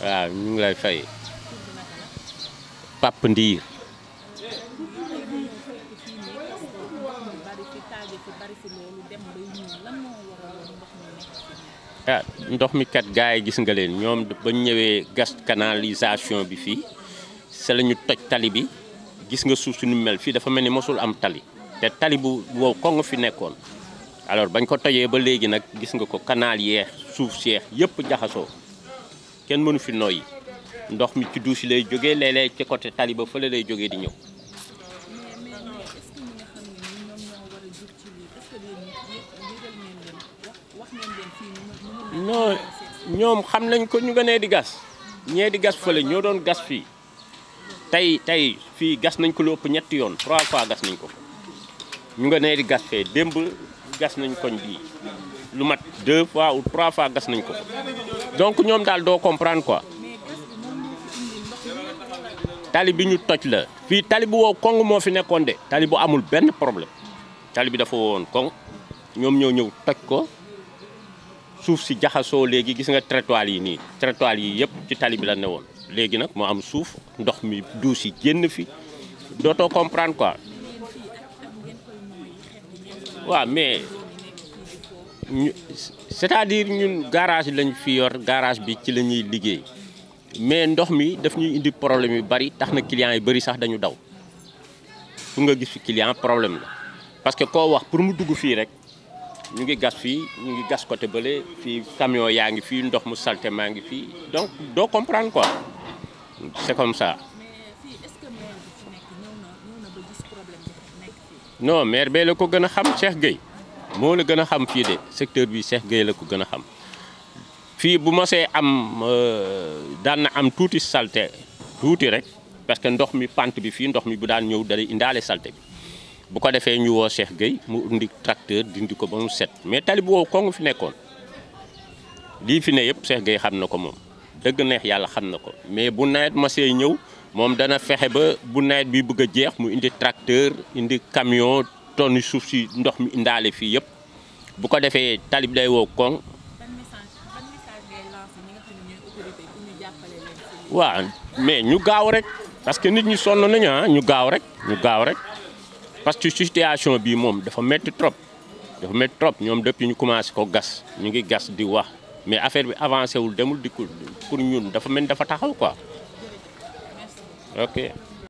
waaw ñu ngi lay fay Pape Ndiir ah, ndox mi kat gaa yi gis nga leen ñoom ba ñëwee gas canalisation bi fii sa lañu toj tali bi gis nga suuf su ñu mel fii dafa mel ni mosul am tali te tali bu wow ko nga fi nekkoon alors bañ ko tojee ba léegi nag gis nga ko canal yeex suuf seex yëpp jaxasoo kenn mënu fi noyyi ndox mi ci douche lay jógee léeg côté tali ba lay jógee di ñëw. ñoom xam nañ ko ñu nga nee di gas ñee di gas fële ñoo doon gas fii tey tey fii gas nañ ko lu ëpp ñetti yoon trois fois gas nañ ko ñu nga nee di gas fee démb gas nañ koñ bii lu mat deux fois fois gas nañ ko donc ñoom daal doo comprendre quoi tali bi ñu toj la fii tali bu wow moo fi nekkoon de tali bu amul benn problème tali bi dafa wowoon koŋ ñoom ñëw ñëw toj ko suuf si jaxasoo léegi gis nga trottoir yi nii trottoir yi yëpp ci tali bi la ne woon léegi nag moo am suuf ndox mi duus si génn fi dootoo comprendre quoi waaw mais c'est-à-dire que garage avons un garage bi ci mais nous mi daf ñuy problème yu bari client clients yu bari sax dañu daw client problème parce que pour nous, dugg avons rek ñu ngi gas fii ñu ngi gas côté nous camion gaz, donc nous comprendre quoi c'est comme ça. non maire bee la ko gën xam Cheikh moo la gën a xam fii de secteur bi Cheikh Gueye la ko gën a xam fii bu masee am euh, daan na am tuuti salte tuuti rek parce que ndox mi pant bi fii ndox mi bu daan ñëw dara indaale salte bi bu ko defee ñu woo Cheikh Gueye mu indi tracteur dindi ko ba mu set mais tali bu wow ko fi nekkoon lii fi ne yëpp Cheikh Gueye xam na ko moom dëgg neex yàlla xam na ko mais bu nawet mosee ñëw moom dana fexe ba bu nawet bi bëgg a jeex mu indi tracteur indi camion tonn suuf si ndox mi ndaale fii yëpp bu ko defee talib day woo koŋ waa mais ñu gaaw rek parce que nit ñi sonn nañu ah ñu gaaw rek ñu gaaw rek parce que situation bi moom dafa métti trop dafa métti trop ñoom depuis ñu commencé ko gas ñu ngi gas di wax mais affaire bi avancé wul demul dikkul pour ñun dafa mel dafa taxaw quoi